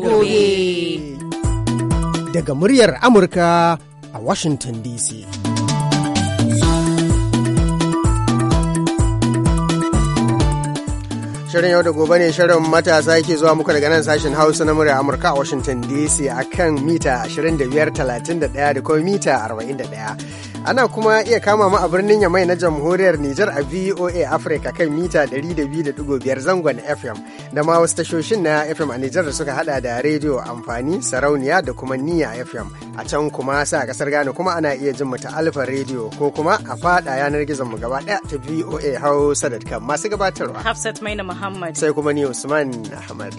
goge. Daga muryar Amurka a Washington DC. Shirin yau da gobe ne shirin matasa ke zuwa muku daga nan sashen Hausa na murya Amurka a Washington DC akan mita 25.31 da kuma mita 41. Ana kuma iya kama mu a birnin Yamai na jamhuriyar Nijar a VOA Africa kan mita 200.5 zangon FM da ma wasu tashoshin na FM a Nijar da suka hada da rediyo amfani sarauniya da kuma niya FM. A can kuma sa kasar Ghana kuma ana iya jin mu ta Alfa rediyo ko kuma a fada yanar gizon mu gaba daya ta VOA Hausa.com masu gabatarwa. Hafsat Maina Muhammad. Sai kuma ni Usman Ahmad.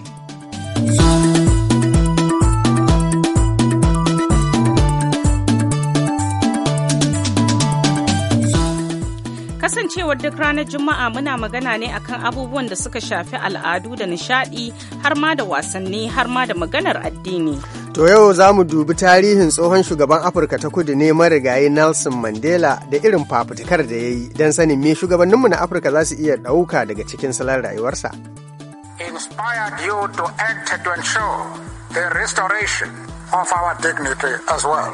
Kasancewar duk ranar Juma'a muna magana ne akan abubuwan da suka shafi al'adu da nishadi har ma da wasanni har ma da maganar addini. To yau za mu dubi tarihin tsohon shugaban Afirka ta kudu ne marigayi Nelson Mandela da irin fafutukar da ya yi don sanin me shugabanninmu na Afirka za su iya ɗauka daga cikin salon rayuwarsa. Inspired you to act to restoration of our dignity as well.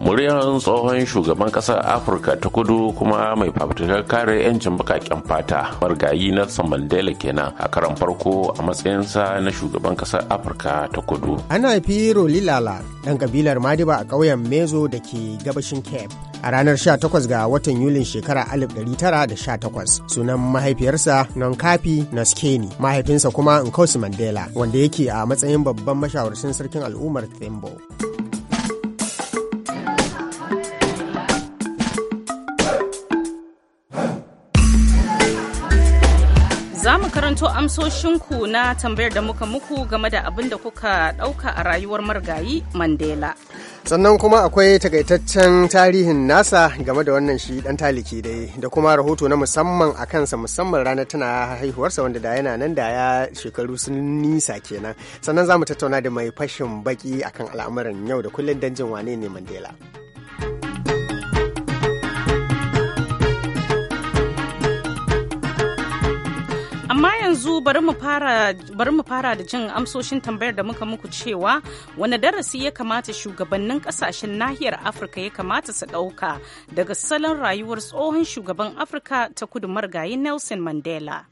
muryar tsohon shugaban ƙasar afirka ta kudu kuma mai fafutukar kare 'yancin bakaken fata margayi nelson mandela kenan a karan farko a matsayinsa na shugaban ƙasar afirka ta kudu ana haifi rolilala ɗan kabilar madiba a ƙauyen mezo da ke gabashin cape a ranar 18 ga watan yulin shekara 1918 sunan mahaifiyarsa na naskeni mahaifinsa kuma nkosi mandela wanda yake a matsayin babban mashawarcin sarkin al'ummar thimbo. karanto amsoshinku na tambayar da muka muku game da abin da kuka ɗauka a rayuwar margayi Mandela. Sannan kuma akwai takaitaccen tarihin nasa game da wannan shi ɗan taliki dai da kuma rahoto na musamman a kansa musamman ranar tana haihuwarsa wanda da yana nan da ya shekaru sun nisa kenan. Sannan za mu tattauna da mai fashin baki akan al'amuran yau da kullum don jin wane ne Mandela. amma yanzu bari mu fara da jin amsoshin tambayar da muka muku cewa wani darasi ya kamata shugabannin kasashen nahiyar afirka ya kamata su ɗauka daga salon rayuwar tsohon shugaban afirka ta kudu marigayi nelson mandela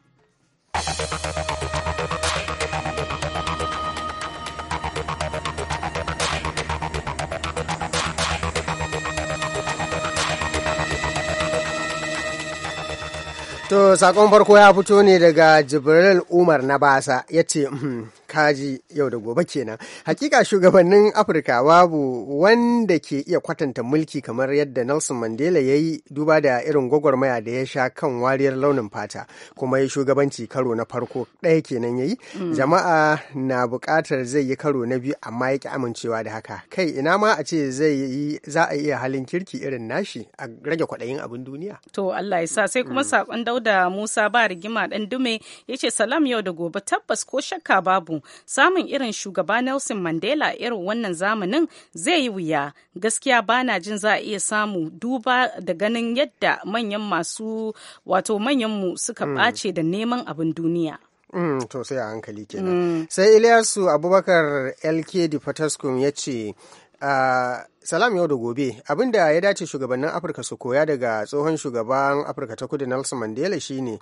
To, sakon farko ya fito ne daga Jibril Umar na Basa, ya ce, hmm, kaji yau da gobe kenan hakika shugabannin afirka babu wanda ke iya kwatanta mulki kamar yadda nelson mandela ya yi duba da irin gwagwarmaya da ya sha kan wariyar launin fata kuma ya shugabanci karo na farko ɗaya kenan ya yi mm. jama'a na buƙatar zai yi karo na biyu amma ya ki amincewa da haka kai ina ma a ce zai yi za a iya halin kirki irin nashi a rage kwaɗayin abin duniya to allah ya sa sai kuma mm. saƙon dauda musa ba rigima ɗan dume ya ce salam yau da gobe tabbas ko shakka babu samun irin shugaba Nelson Mandela irin wannan zamanin zai yi wuya gaskiya bana jin za a iya samu duba da ganin yadda manyan masu wato manyan mu suka hmm. ɓace da neman abin duniya. Mm, to sai a hankali kenan. Mm. Sai Ilyasu Abubakar LK Potaskum ya ce a salam yau da gobe abin da ya dace shugabannin afirka su koya daga tsohon shugaban afirka ta kudu nelson mandela shine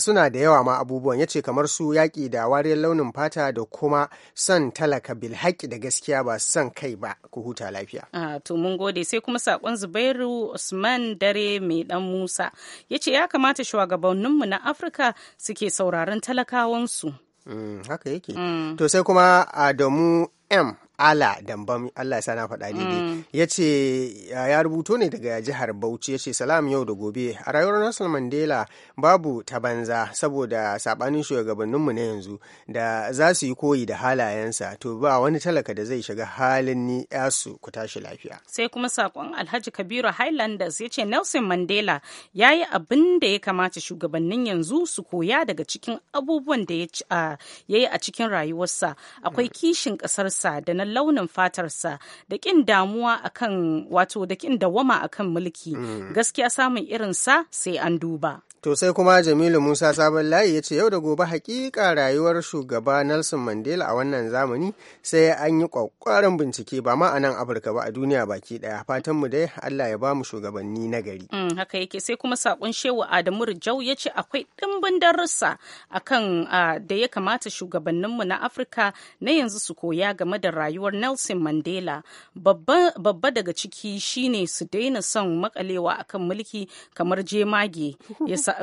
suna da yawa ma abubuwan ya ce kamar su yaƙi da wariyar launin fata da kuma son talaka bilhaki da gaskiya ba son kai ba ku huta lafiya A to mun gode sai kuma sakon zubairu usman dare mai dan musa ya ce ya kamata shugabanninmu na afirka suke sauraron talakawansu Mm, haka yake mm. to sai kuma adamu M ala dambam Allah ya sa na faɗa daidai mm. ya ce ya rubuto ne daga jihar Bauchi ya ce salam yau da gobe a rayuwar Nelson Mandela babu ta banza saboda sabanin shugabanninmu na yanzu da za su yi koyi da halayensa to ba wani talaka da zai shiga halin ni yasu ku tashi lafiya. Sai kuma sakon Alhaji Kabiru Highlanders ya ce Nelson Mandela ya yi abin da ya kamata shugabannin yanzu su koya daga cikin abubuwan da ya yi a cikin rayuwarsa akwai mm. kishin ƙasarsa da na launin fatarsa da kin damuwa akan wato da kin dawama akan mulki mm. gaskiya samun irinsa sai an duba To sai kuma Jamilu Musa Sabon Layi ya ce yau da gobe hakika rayuwar shugaba Nelson Mandela a wannan zamani sai an yi kwakwaran bincike ba ma a nan Afirka ba a duniya baki daya fatan mu dai Allah ya ba mu shugabanni na gari. Mm, haka yake sai kuma sakon shewa Adamu Rijau ya ce akwai dimbin darussa akan da ya kamata shugabanninmu na Afirka na yanzu su koya game da rayuwar Nelson Mandela. Babba daga ciki shine su daina son makalewa akan mulki kamar jemage.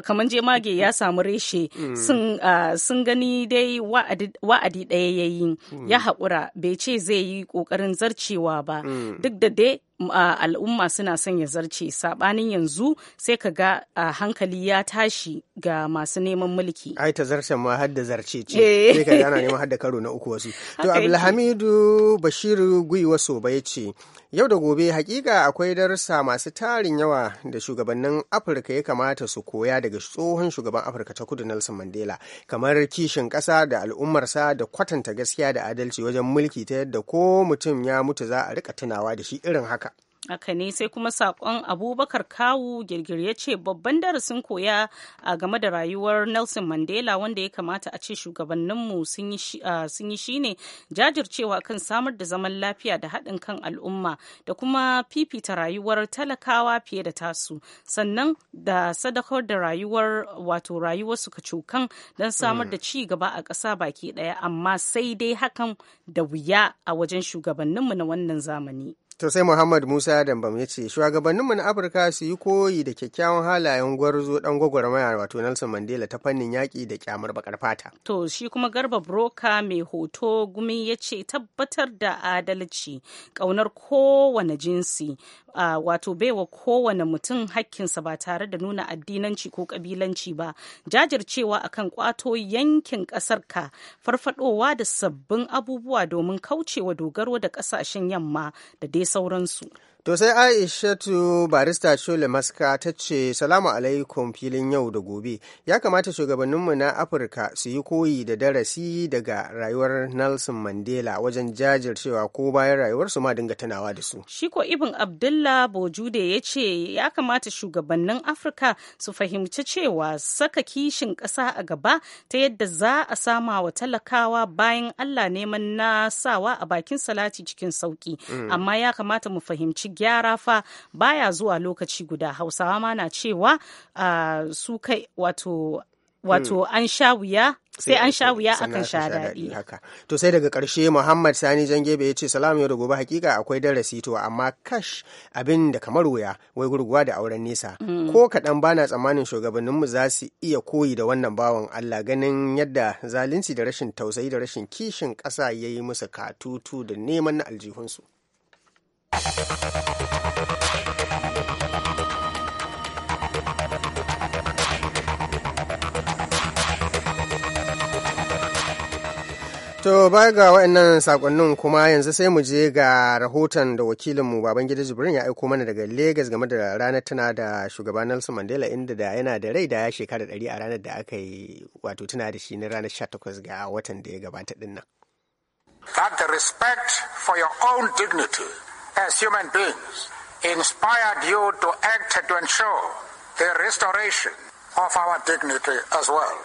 kamar jemage ya samu reshe mm. ah, sun gani dai wa'adi ɗaya yayi mm. ya haƙura bai ce zai yi ƙoƙarin zarcewa ba mm. duk da dai al'umma suna son ya zarce sabanin yanzu sai ka ga hankali ya tashi ga masu neman mulki ai ta zarce ma hadda zarce ce eh. sai ka gana neman hadda karo na uku wasu to abdulhamidu bashiru guiwa soba ya ce yau da gobe hakika akwai darussa masu tarin yawa da shugabannin afirka ya kamata su koya daga tsohon shugaban afirka ta kudu nelson mandela kamar kishin ƙasa da al'ummarsa da kwatanta gaskiya da adalci wajen mulki ta yadda ko mutum ya mutu za a rika tunawa da shi irin haka aka ne sai kuma sakon abubakar kawu girgir ya ce babban darasin koya a game da rayuwar nelson mandela wanda ya kamata a ce shugabanninmu sun yi shine ah, jajircewa kan samar da zaman lafiya da haɗin kan al'umma da kuma fifita rayuwar talakawa fiye da tasu sannan da sadakar da rayuwar wato rayuwar suka cokan don samar da mm. ci gaba a ƙasa baki ɗaya amma sai dai hakan da wuya a wajen shugabanninmu na wannan zamani. To sai Muhammad Musa Dambam ya ce shugabanninmu na Afirka su yi koyi da kyakkyawan halayen gwarzo dan gwagwarmaya wato Nelson Mandela ta fannin yaƙi da kyamar bakar fata. To shi kuma Garba Broka mai hoto gumi ya ce tabbatar da adalci ƙaunar kowane jinsi uh, wato baiwa kowane mutum hakkinsa ba tare da nuna addinanci ko kabilanci ba jajircewa akan kwato yankin ƙasar ka farfadowa da sabbin abubuwa domin kaucewa dogaro da kasashen yamma da dai sauran sauransu To sai Aishatu barista Shole Maska ta ce salamu alaikum filin yau da gobe ya kamata shugabanninmu na Afirka su yi koyi da darasi daga rayuwar Nelson Mandela wajen jajircewa ko bayan rayuwar su ma dinga tunawa da su. Shiko ko Ibn Abdullah Bojude ya ce ya kamata shugabannin Afirka su fahimci cewa saka kishin ƙasa a gaba ta yadda za a sama wa talakawa bayan Allah neman na sawa a bakin salati cikin sauki mm. amma ya kamata mu fahimci gyara fa baya zuwa lokaci guda hausawa ma na cewa ah, su kai wato wato hmm. an sha wuya sai an sha wuya akan sha daɗi haka to sai daga ƙarshe muhammad sani jangebe ya ce salamu yau da gobe hakika akwai darasi to amma kash abin da kamar wuya wai gurguwa da auren nesa mm. ko kaɗan bana tsammanin shugabanninmu za su iya koyi da wannan bawan allah ganin yadda zalunci da rashin tausayi da rashin kishin ƙasa ya yi musu katutu da neman na aljihunsu To baya ga waɗannan sakonnin kuma yanzu sai mu je ga rahoton da wakilinmu baban gida Jibrin ya aiko mana daga Legas game da ranar tuna da shugaba Nelson Mandela inda da yana da rai da ya shekara ɗari a ranar da aka yi wato tuna da shi na ranar 18 ga watan da ya gabata dinnan. That the respect for your own dignity as human beings inspired you to act to ensure the restoration of our dignity as well.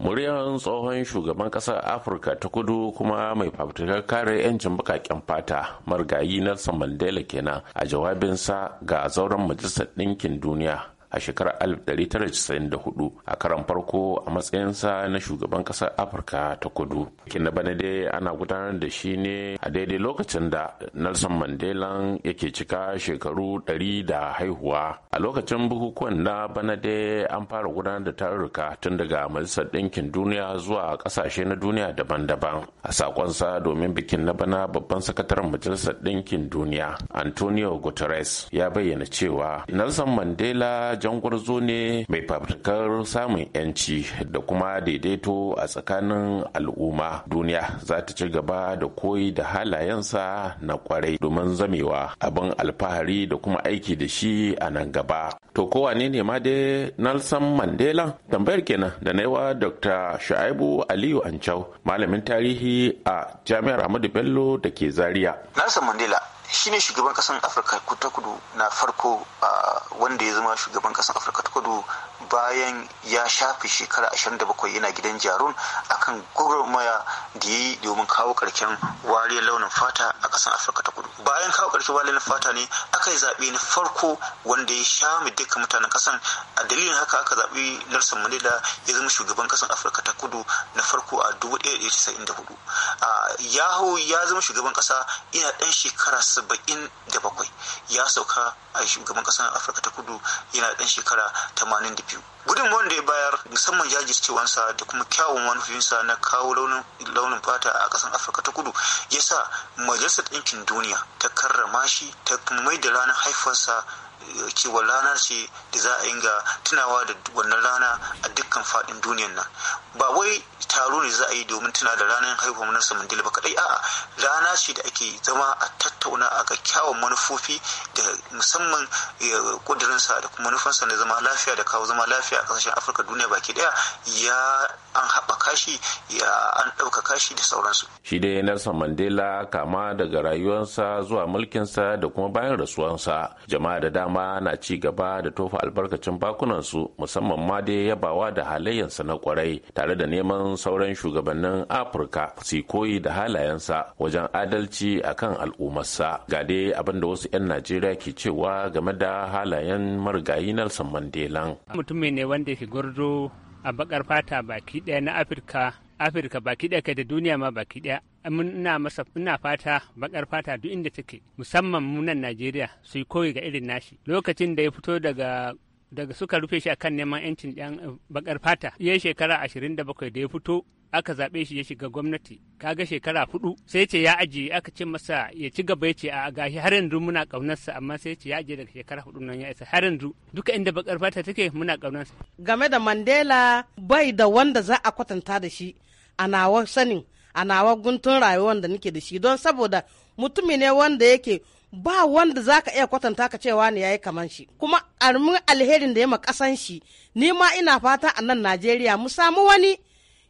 muryar tsohon shugaban kasar afirka ta kudu kuma mai fafutukar kare 'yancin bakaken fata marigayi nelson mandela kenan a jawabinsa ga zauren majalisar ɗinkin duniya a shekarar 1994 a karan farko a matsayinsa na shugaban ƙasar afirka ta kudu bikin na bana dai ana gudanar da shi ne a daidai lokacin da nelson mandela yake cika shekaru 100 da haihuwa a lokacin bukukuwan na bana dai an fara gudanar da tarurruka tun daga majalisar ɗinkin duniya zuwa ƙasashe na duniya daban-daban a sakonsa domin bikin na bana babban sakataren majalisar ɗinkin duniya antonio guterres ya bayyana cewa nelson mandela gwarzo ne mai fafutukar samun yanci da kuma daidaito a tsakanin al'umma duniya za ta ci gaba da koyi da halayensa na kwarai domin zamewa abin alfahari da kuma aiki da shi a nan gaba to kowa ne ne ma dai nelson mandela tambayar kenan da na yiwa dr shaibu aliyu ancau malamin tarihi a jami'ar ahmadu bello da ke zaria nelson mandela shine shugaban kasan afirka ta kudu na farko wanda ya zama shugaban kasan afirka ta kudu bayan ya shafi shekara 27 yana gidan jarun akan gwagwarmaya da ya yi domin kawo karshen wariyar launin fata a kasan afirka ta kudu bayan kawo karshen wariyar fata ne aka yi zaɓe na farko wanda ya shame duka mutanen kasan a dalilin haka aka zaɓi nelson mandela ya zama shugaban kasan afirka ta kudu na farko a 1994 yaho ya zama shugaban kasa ina ɗan shekara saba'in da bakwai ya sauka a shugaban kasar afirka ta kudu yana dan shekara tamanin da biyu gudunmawar da ya bayar musamman jajircewansa da kuma kyawun manufofinsa na kawo launin fata a kasar afirka ta kudu ya sa majalisar ɗinkin duniya ta karrama shi ta mai da ranar haifarsa eh, cewa rana ce da za a yi ga tunawa da wannan rana a dukkan faɗin duniyan nan ba wai taro ne za a yi domin tuna da ranar haihuwar Nelson Mandela ba kadai a'a rana ce da ake zama a tattauna a ga kyawun manufofi da musamman kudurinsa da kuma manufansa na zama lafiya da kawo zama lafiya a kasashen Afirka duniya baki daya ya an haɓaka kashi ya an ɗauka kashi da sauransu. Shi dai Nelson Mandela kama daga rayuwarsa zuwa mulkinsa da kuma bayan rasuwarsa jama'a da dama na ci gaba da tofa albarkacin bakunansu musamman ma dai yabawa da halayyarsa na kwarai tare da neman sauran shugabannin afirka su koyi da halayensa wajen adalci a kan al'ummarsa ga dai abin da wasu 'yan najeriya ke cewa game da halayen marigayi nelson mandela mutum ne wanda ke gwardo a bakar fata baki daya na afirka afirka baki daya kai da duniya ma baki daya ina masa ina fata bakar fata duk inda take musamman munan najeriya su koyi ga irin nashi lokacin da ya fito daga daga suka rufe shi akan neman 'yancin 'yan eh, bakar fata ya shekara ashirin da bakwai da ya fito aka zaɓe shi ya shiga gwamnati kaga shekara hudu sai ce ya ajiye aka ce masa ya ci gaba ya ce a gashi har yanzu muna ƙaunarsa amma sai ce ya ajiye daga shekara hudu nan ya isa har yanzu duka inda bakar fata take muna ƙaunarsa. game da mandela bai da wanda za a kwatanta da shi a nawa sanin a nawa guntun rayuwar da nake da shi don saboda mutumi ne wanda yake ba wanda za ka iya kwatanta ka cewa ne yayi kaman shi kuma armin alherin da ya ma kasan shi ni ma ina fata a nan najeriya mu samu wani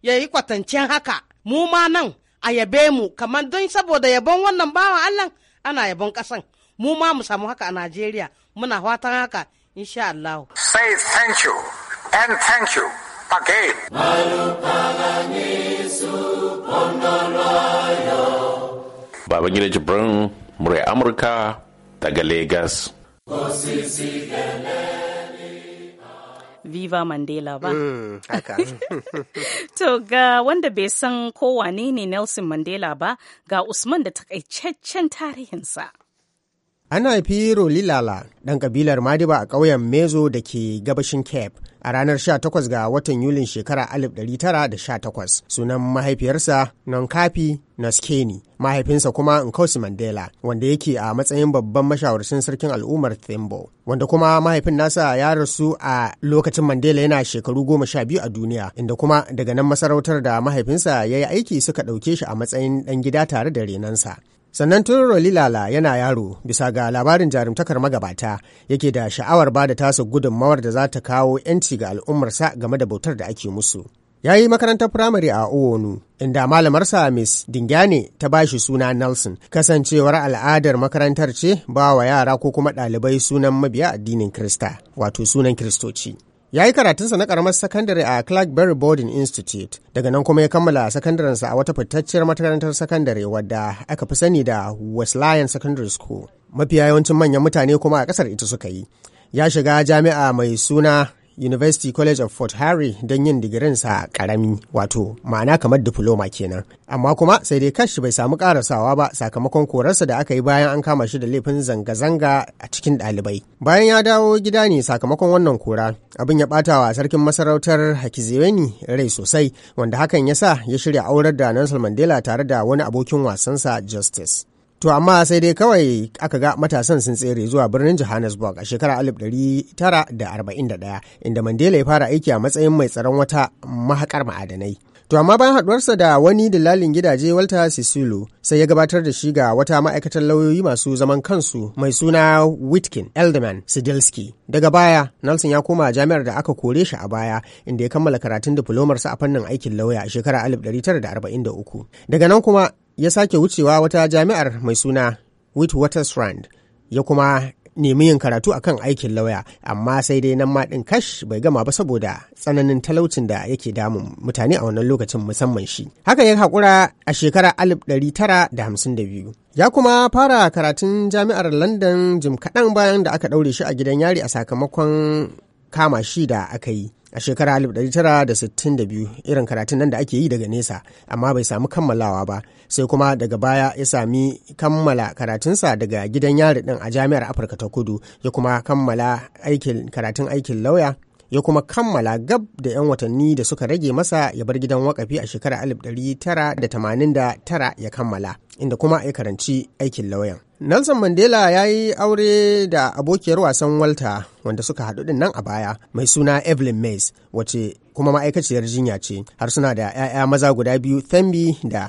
ya yi kwatancen haka mu ma nan a yabe mu kamar don saboda yabon wannan bawan allah ana yabon kasan mu ma mu samu haka a najeriya muna fatan haka insha allahu say thank you and thank you again Babangida Jibrin murai amurka daga lagos Viva Mandela ba. Mm, to ga wanda bai san kowane ne Nelson Mandela ba ga Usman da takaitaccen tarihinsa. Ana haifi Rolilala ɗan ƙabilar Madiba a ƙauyen Mezo da ke gabashin Cape a ranar 18 ga watan Yulin shekara 1918 sunan mahaifiyarsa na Naskeni mahaifinsa kuma Nkosi Mandela wanda yake a matsayin babban mashawarcin sarkin al'ummar Thimbo, wanda kuma mahaifin nasa ya rasu a lokacin Mandela yana shekaru goma sha biyu a duniya inda kuma daga nan masarautar da mahaifinsa ya yi aiki suka ɗauke shi a matsayin ɗan gida tare da renansa sannan tun lala yana yaro bisa ga labarin jarumtakar magabata yake da sha'awar ba da tasa gudunmawar da za ta kawo 'yanci ga al'ummarsa game da bautar da ake musu ya yi makarantar firamare a owonu inda malamarsa miss dingyane ta ba shi suna nelson kasancewar al'adar makarantar ce ba wa yara ko kuma ɗalibai sunan mabiya addinin krista wato sunan kiristoci Ya yi karatunsa na karamar sakandare a Clarkberry Boarding Institute, daga nan kuma ya kammala sakandarensa a wata fitacciyar makarantar sakandare wadda aka fi sani da Lion Secondary School. Mafiya yawancin manyan mutane kuma a ƙasar ita suka yi. Ya shiga jami'a mai suna University College of Fort Harry don yin digirinsa karami wato ma'ana kamar diploma kenan. Amma kuma sai dai kashi bai samu karasawa ba sakamakon korarsa da aka yi bayan an kama shi da laifin zanga-zanga a cikin ɗalibai. Bayan ya dawo gida ne sakamakon wannan kora abin ya ɓata wa sarkin masarautar Hakizeweni rai sosai wanda hakan ya sa ya shirya aurar da Nelson Mandela tare da wani abokin wasansa Justice. To amma sai dai kawai aka ga matasan sun tsere zuwa birnin Johannesburg a shekarar 1941 inda Mandela ya fara aiki a matsayin mai tsaron wata mahakar ma'adanai. To amma bayan haduwarsa da wani dillalin gidaje Walter Sisulu sai ya gabatar da shi ga wata ma'aikatar lauyoyi masu zaman kansu mai suna Witkin Elderman Sidilski. Daga baya, Nelson ya koma jami'ar da aka kore shi a baya inda ya kammala karatun diplomarsa a fannin aikin lauya a shekarar 1943. Daga nan kuma ya sake wucewa wata jami'ar mai suna Witwatersrand ya kuma nemi yin karatu akan aikin lauya amma sai dai nan maɗin kash bai gama ba saboda tsananin talaucin da yake damun mutane a wannan lokacin musamman shi haka ya haƙura a shekara 1952 ya kuma fara karatun jami'ar london jim kaɗan bayan da aka ɗaure shi a gidan yari a sakamakon kama shi da aka yi a shekarar 1962 irin karatun nan da ake yi daga nesa amma bai samu kammalawa ba sai kuma daga baya ya sami kammala karatunsa daga gidan yari din a jami'ar afirka ta kudu ya kuma kammala karatun aikin lauya ya kuma kammala gab da 'yan watanni da suka rage masa ya bar gidan wakafi a shekarar 1989 ya kammala inda kuma ya karanci aikin lauyan. Nelson Mandela ya yi aure da abokiyar wasan walta wanda suka haɗu din nan a baya mai suna Evelyn Mays wace kuma ma'aikaciyar jinya ce har suna da 'ya'ya maza guda biyu Thembi da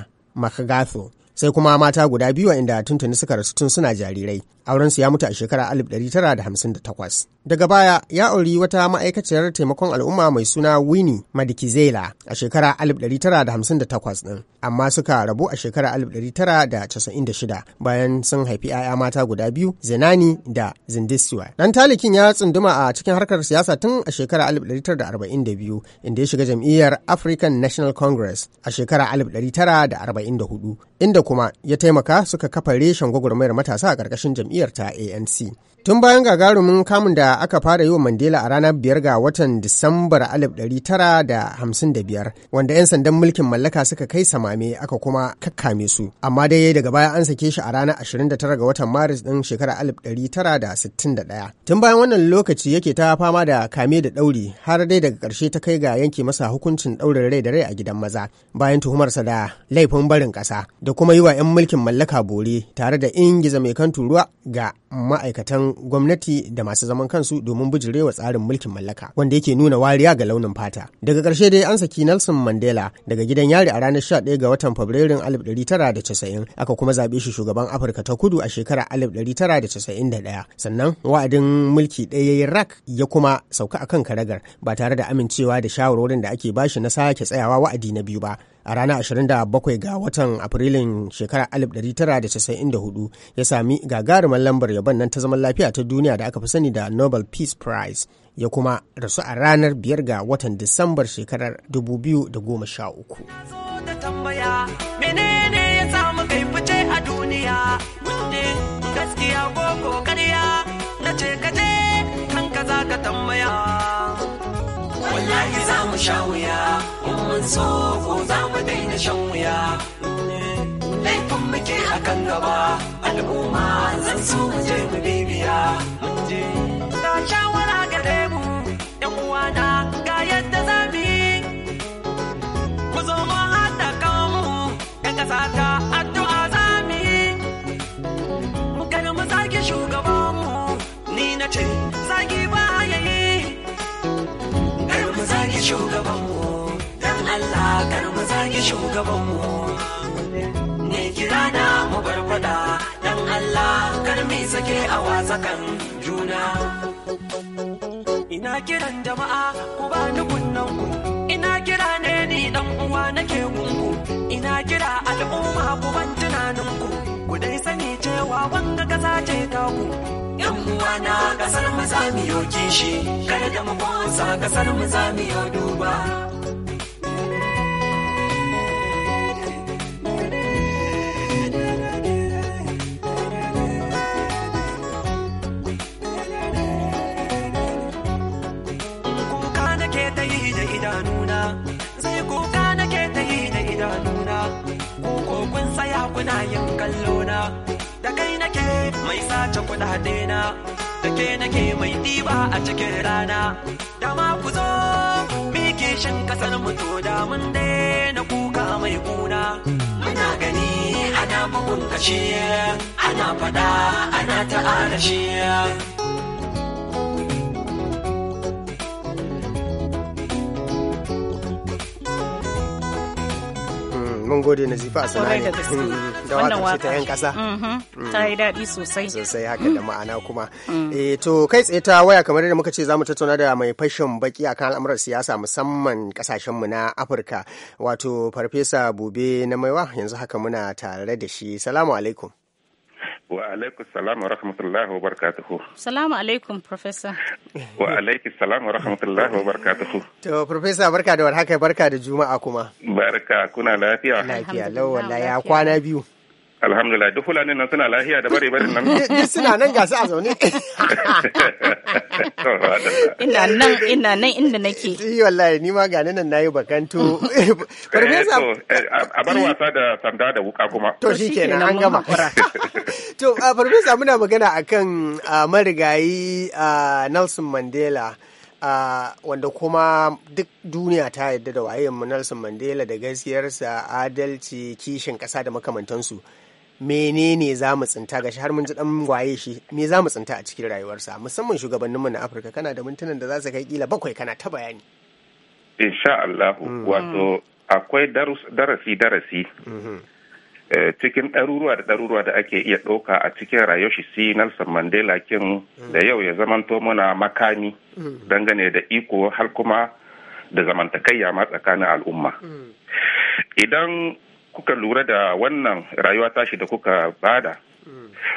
Makagatho sai kuma mata guda biyu inda tuntuni suka rasu tun suna jarirai aurensu ya mutu a shekara 1958. Daga baya ya auri wata ma'aikaciyar taimakon al'umma mai suna Winnie Madikizela a shekara 1958 ɗin, amma suka rabu a shekara 1996 bayan sun haifi 'ya'ya mata guda biyu Zinani da Zindisiwa. Dan talikin ya tsunduma a cikin harkar siyasa tun a shekara 1942 inda ya shiga jam'iyyar African National Congress a shekara 1944 inda kuma ya taimaka suka kafa reshen gwagwarmayar matasa a ƙarƙashin jam'iyyar. jam'iyyar ta anc Tun bayan gagarumin kamun da aka fara yi wa Mandela a ranar biyar ga watan Disambar 1955 wanda 'yan sandan mulkin mallaka suka kai samame aka kuma kakkame su. Amma dai daga baya an sake shi a ranar 29 ga watan Maris ɗin shekarar 1961. Tun bayan wannan lokaci yake ta fama da kame da ɗauri har dai daga ƙarshe ta kai ga yanke masa hukuncin ɗaurin rai da rai a gidan maza bayan tuhumarsa da laifin barin ƙasa da kuma yi wa 'yan mulkin mallaka bore tare da ingiza mai kan turuwa ga ma'aikatan gwamnati da masu zaman kansu domin bijirewa tsarin mulkin mallaka wanda yake nuna wariya ga launin fata. Daga ƙarshe dai an saki Nelson Mandela daga gidan yari a ranar 11 ga watan Fabrairun 1990 aka kuma zaɓe shi shugaban Afirka ta Kudu a shekarar 1991 sannan wa'adin mulki ɗaya rak ya kuma sauka akan karagar ba tare da amincewa da shawarorin da ake bashi na sake tsayawa wa'adi na biyu ba a ranar 27 ga watan afrilun shekarar 1994 ya sami gagarumin lambar yabon nan ta zaman lafiya ta duniya da aka fi sani da nobel peace prize ya kuma rasu a ranar 5 ga watan disambar shekarar 2013 wallahi za mu sha wuya mun so ko za mu daina shan wuya laifin muke a kan gaba al'umma zan so mu je mu bibiya ga shawara gare mu yan uwana ga yadda za mu yi ku zo mu haɗa mu yan ƙasa ta addu'a za mu yi mu gani mu zage mu ni na ce zagi ba yayi kar mu zage mu. Allah kar mu shugaban mu. Ne kira na mu bar faɗa dan Allah kar mu sake a wasakan juna. Ina kiran jama'a ku ba ni kunnan ku. Ina kira ne ni dan uwa nake gungu. Ina kira al'umma ku ban tunanin ku. Ku dai sani cewa wanga kasa ce taku. Yan uwa na kasar mu za mu yo kishi. Kada mu kosa kasar mu za duba. kuna yin kallo na da kai nake mai sace kuɗaɗe na da ke nake mai ɗiba a cikin rana da ma ku zo mike shin kasar mu to da mun daina kuka mai kuna muna gani ana bugun kashe ana fada ana ta'ala shi mun gode na zifa a ne da wata ce ta yan kasa mm-hmm. mm. ta yi daɗi sosai sosai haka da ma'ana kuma mm. eh, to kai tsaye ta waya kamar yadda muka ce zamu tattauna da mai fashin baki akan al'amuran siyasa musamman kasashen mu na Afirka wato farfesa Bube na Maiwa yanzu haka muna tare da shi salamu alaikum wa alaikum salam wa rahmatullahi wa barakatuhu salamu alaikum professor wa alaikum salam wa rahmatullahi wa barakatuhu to professor barka da warhaka barka da juma'a kuma barka kuna lafiya lafiya lawa ya kwana biyu Alhamdulillah duk Fulani nan suna lafiya da bare bare nan. Duk suna nan ga su a zaune. Ina nan ina nan inda nake. eh wallahi ni ma ga nan nayi bakanto. Farfesa eh, eh, a bar wasa da sanda da wuka kuma. To shikenan an gama. To farfesa muna magana akan marigayi Nelson Mandela. Uh, wanda kuma duk duniya ta yadda da waye Nelson Mandela da gaskiyarsa adalci kishin ƙasa da makamantansu. menene za mu tsinta gashi har mun ji dan waye shi me za mu tsinta a cikin rayuwarsa musamman shugabanninmu na Afirka kana da mintunan da za su kai kila bakwai kana ta bayani insha Allah mm. wato akwai darasi darasi mm-hmm. eh, cikin ɗaruruwa da ɗaruruwa da ake iya ɗauka a cikin rayuwar shi Nelson Mandela kin mm. da yau ya zamanto muna makami mm. dangane da iko har kuma da zamantakayya ma tsakanin al'umma idan kuka lura da wannan rayuwa tashi da kuka bada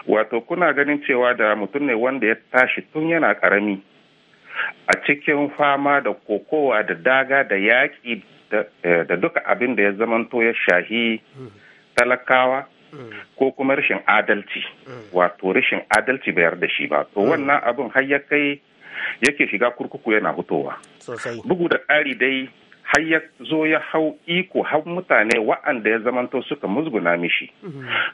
wato kuna ganin cewa da mutum ne wanda ya tashi tun yana karami a cikin fama da kokowa da daga da yaƙi eh, da duka abin da ya zamanto ya shahi talakawa ko kuma rashin adalci wato rashin adalci bai da shi ba to wannan abin har ya kai yake shiga kurkuku yana hutowa bugu da ƙari dai har ya zo ya hau iko har mutane wa'anda ya zamanto suka musguna mishi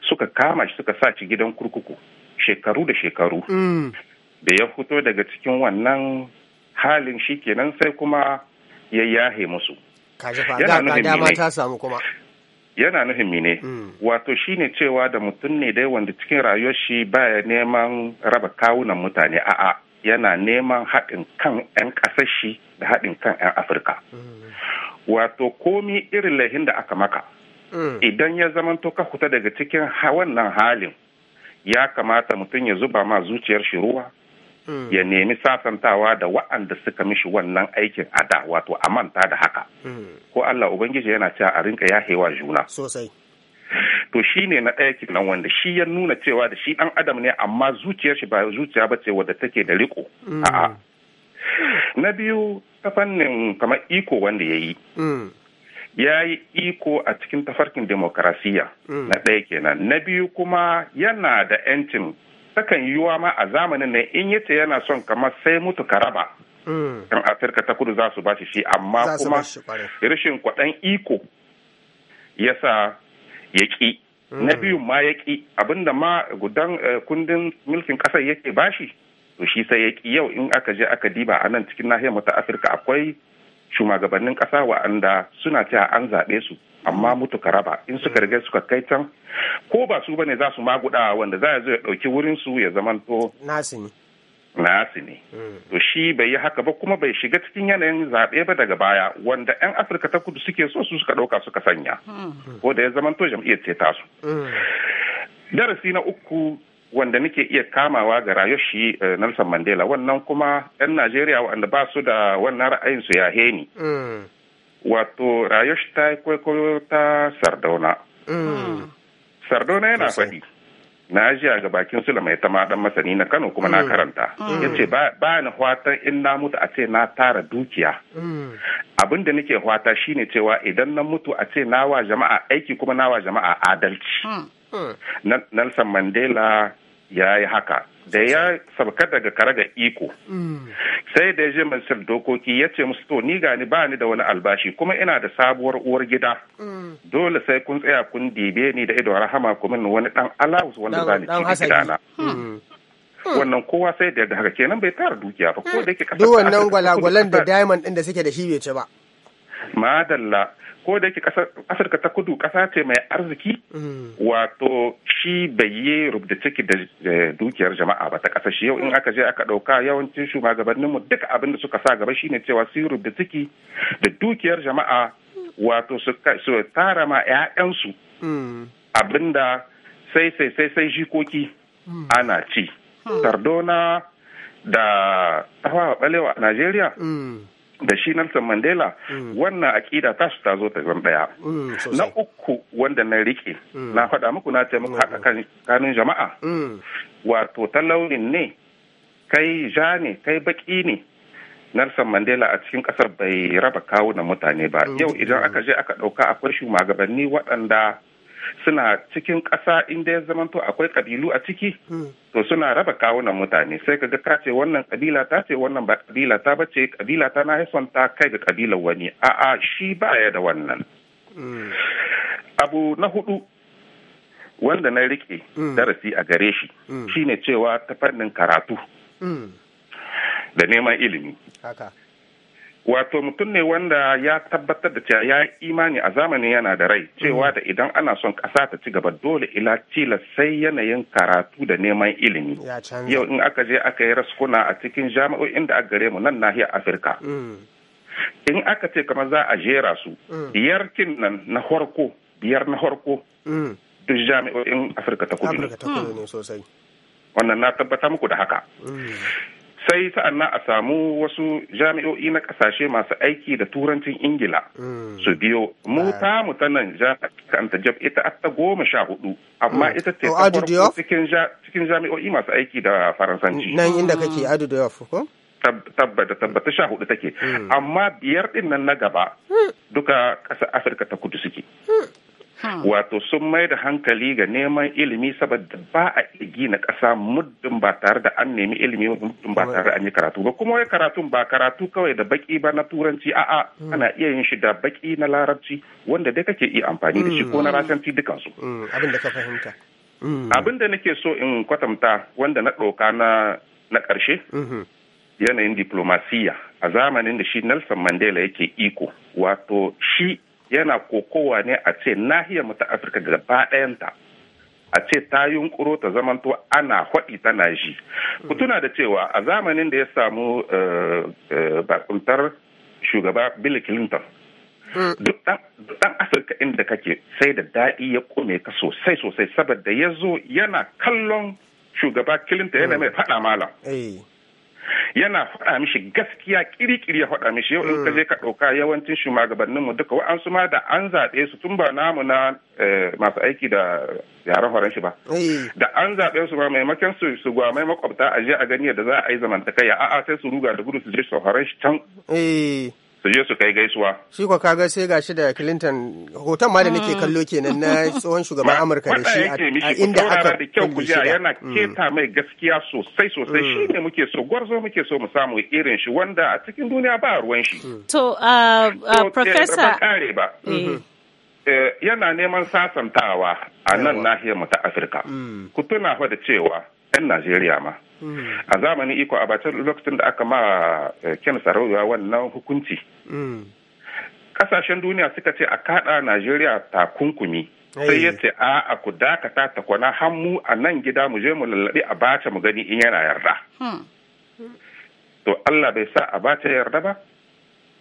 suka kama shi suka sa shi gidan kurkuku shekaru da shekaru mm. da ya fito daga cikin wannan halin shi kenan sai kuma ya yahe musu yana nuhimmi mm. ne wato shine cewa da mutum ne dai wanda cikin rayuwar shi baya neman raba kawunan mutane a'a yana neman haɗin kan 'yan ƙasashi da haɗin kan 'yan afirka wato komi irin laihin da aka maka idan ya zamanto ka huta daga cikin wannan halin ya kamata mutum ya zuba ma zuciyar shi ruwa ya nemi sasantawa da wa'anda suka mishi wannan aikin a da wato a manta da haka mm. ko allah ubangiji yana cewa a rinka yahewa juna sosai to shi ne na ɗaya kenan wanda shi ya nuna cewa da shi ɗan adam ne amma zuciyar shi ba zuciya ba ce wadda take da riko mm. a'a na biyu ta fannin kamar iko wanda ya yi mm. ya yi iko a cikin tafarkin demokarasiya mm. na ɗaya kenan na biyu kuma yana da 'yancin takan yiwuwa ma a zamanin ne in ce yana son kamar sai mutu ka raba yan afirka ta kudu za su ba shi shi amma kuma rashin kwaɗan iko yasa ya ƙi hmm. na biyun ma ya ƙi abinda ma gudan eh, kundin mulkin ƙasar yake bashi to shi sai ya ƙi yau in aka je aka diba a nan cikin nahiyar mu ta afirka akwai shugabannin ƙasa wa'anda suna cewa an zaɓe su amma mutu karaba in suka hmm. riga suka kai can ko ba su bane za su maguɗa wanda za ya zo ya ɗauki wurin su ya zamanto nasu ne. Hmm. To shi bai yi haka ba kuma bai shiga cikin yanayin zaɓe ba daga baya wanda 'yan Afirka ta kudu suke so su suka ɗauka suka sanya. Hmm. Ko da ya zama to jam'iyyar ce ta su hmm. Darasi na uku wanda nake iya kamawa ga rayuwar shi eh, Nelson Mandela wannan kuma 'yan Najeriya wanda ba su da wannan ra'ayin su ya heni. Wato rayuwar ta kwaikwayo ta Sardauna. Sardauna yana faɗi. na jiya ga bakin sula mai tama dan masani na kano kuma na mm. karanta mm. ya ce ba ni fatan in na mutu a ce na tara dukiya mm. abin da nake fata shine cewa idan na mutu a ce nawa jama'a aiki kuma nawa jama'a adalci nelson mandela ya yi haka da ya sauka daga kare ga iko sai da ya je majalisar dokoki ya ce musu to ni gani ba ni da wani albashi kuma ina da sabuwar uwar gida dole sai kun tsaya kun dibe ni da ido rahama kuma wani dan alawus wanda za ni cikin gidana hmm. Hmm. wannan kowa sai da haka kenan bai tara dukiya ba ko hmm. da yake kasa duk wannan gwalagwalan da diamond din da suke da shi bai ci ba madalla ko da yake afirka ta kudu ƙasa ce mai arziki mm. wato shi bai yi rubda ciki da dukiyar jama'a ba ta kasa shi yau in aka je aka ɗauka yawancin shugabanninmu duka abin da suka sa gaba shine cewa su yi ciki da dukiyar jama'a wato su tara ma 'ya'yansu mm. abinda sai sai sai sai jikoki mm. ana ci sardona da tafawa balewa a najeriya da shi Nelson Mandela mm. wannan akida ta su ta zo ta zama daya. Mm, na uku wanda na rike mm. na faɗa muku na ce muku haka kan kanun jama'a. Wato ta launin ne kai ja ne kai baki ne Nelson Mandela a cikin kasar bai raba kawo na mutane ba. Yau idan aka je aka ɗauka akwai shugabanni waɗanda suna cikin ƙasa inda ya zamanto akwai ƙabilu a ciki hmm. to suna raba kawunan mutane sai ka ka ce wannan ƙabila ta ce wannan ba ƙabila ta ce ƙabila ta na son ta kai ga ƙabilar wani a'a shi baya da wannan hmm. abu na hudu wanda na rike hmm. darasi a gare shi shine cewa ta fannin karatu da neman ilimi wato mutum ne wanda ya tabbatar da cewa ya yi imani a zamani yana da rai cewa mm. da idan ana son ƙasa ta ci gaba dole ila cila sai yanayin karatu da neman ilimi yau in aka je aka yi raskuna a cikin jami'o'in da gare mu nan nahiyar afirka mm. in aka ce kamar za a jera su mm. biyar kin nan na farko biyar na farko duk jami'o'in afirka ta kudu ne wannan na tabbata muku da haka sai sa'annan a samu wasu jami'o'i na kasashe masu aiki da turancin ingila mm. su biyo mu ta mu ta nan kanta jab ita ta goma sha hudu amma mm. ita ce oh, ta farko cikin jami'o'i masu aiki da faransanci nan inda kake adu da ko tabbata tabbata sha hudu take mm. amma biyar din nan na gaba duka ƙasar afirka ta kudu suke Hmm. wato sun mai da hankali ga neman ilimi saboda ba a igi na ƙasa muddin ba tare da an nemi ilimi muddin ba tare da an yi karatu ba kuma wai karatun ba karatu kawai da baki ba na turanci a'a hmm. ana iya yin shi da baki na larabci wanda dai kake iya amfani da shi ko na hmm. rasanci dukansu abin da ka fahimta abin da nake so in kwatanta wanda na ɗauka na na ƙarshe yanayin diplomasiya a zamanin da shi Nelson Mandela yake iko wato shi yana kokowa ne a ce nahiyar mu ta afirka gaba ɗayanta a ce ta yunkuro ta zamanto ana haɗi tana ji mm. ku tuna da cewa a zamanin da ya samu eh, eh, bakuntar shugaba bill clinton mm. duk dan afirka inda kake sai da daɗi ya kome ka sosai sosai saboda ya zo yana kallon shugaba clinton yana mm. mai faɗa malam eh. yana faɗa mishi gaskiya kirikiri ya faɗa mishi yau in ka je ka ɗauka yawancin shugabannin mu duka wa'ansu ma da an zaɓe su tun ba namu na eh, masu aiki da yaren horon shi ba eh. da an zaɓe su ba maimakon su su mai makwabta a je a gani yadda za a yi zamantakai a'a sai su ruga da gudu su je su horon shi can eh. su je su kai gaisuwa. Shi kwa kaga sai ga shi da Clinton hoton ma da hmm. nake kallo kenan na tsohon shugaban Amurka da shi a inda aka da kyau ku yana hmm. keta mai gaskiya sosai sosai hmm. shi ne muke so gwarzo muke so mu samu irin shi wanda a cikin duniya ba ruwan shi. To professor yana neman sasantawa a nan nahiyar mu ta Afirka. Ku tuna fa da cewa 'yan najeriya ma a zamanin iko a bacin lokacin da aka ma eh, ken sarauwa wannan hukunci kasashen duniya suka ce a kada najeriya takunkumi sai ya ce a a ku dakata ta kwana hannu a nan gida mu je mu lallabe a bace mu gani in yana yarda hmm. to allah bai sa a bace yarda ba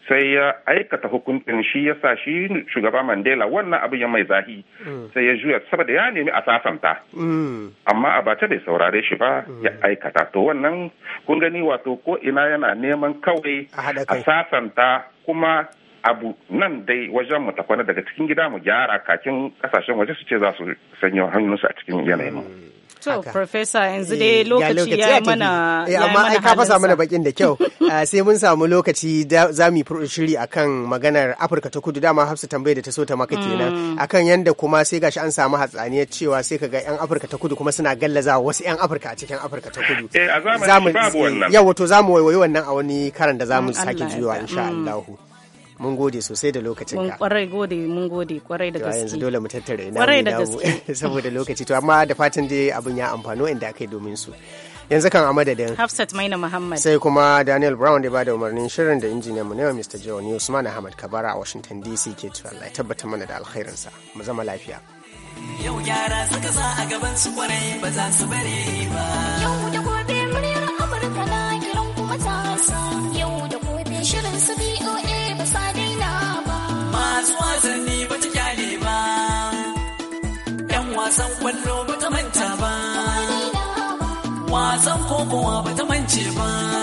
sai ya aikata hukuncin shi ya sa shi shugaba mandela wannan abu ya mai zahi mm. sai ya juya saboda ya nemi a sasanta mm. amma a bace bai saurare shi ba mm. ya aikata to wannan kun gani wato ko ina yana neman kawai a sasanta kuma abu nan dai wajen mu tafana daga cikin gida mu gyara kakin kasashen waje su ce za su sanyo hannunsu a cikin yanayin To, Profesa, yanzu dai eh, lokaci ya mana eh, ya amma ai ka fasa mana bakin da kyau. Ah, sai mun samu lokaci za mu yi shiri akan maganar Afirka ta Kudu dama Hafsa tambayar da ta so ta maka kenan. Mm. Akan yanda kuma sai gashi an samu hatsaniyar cewa sai ka ga 'yan Afirka ta Kudu kuma suna gallaza wasu 'yan Afirka a cikin Afirka ta Kudu. Eh, a zamani babu wannan. Yau wato za mu waiwayi wannan a wani karan da za mu mm, sake juyawa insha mm. allahu. mun gode sosai da lokacin ka mun kwarai gode mun gode kwarai da gaske yanzu dole mu tattare na mu da gaske saboda lokaci to amma da fatan dai abin ya amfano inda aka yi domin su yanzu kan a madadin Hafsat Maina Muhammad sai kuma Daniel Brown da ba da umarnin shirin da injiniyan mu ne wa Mr. John Usman Ahmad Kabara a Washington DC ke cewa Allah ya tabbatar mana da sa mu zama lafiya Yau yara suka sa a gaban su kwarai ba za su bare ba Yau da gobe muryar Amurka na kiran kuma ta sa wasan kokowa ba ta mance ba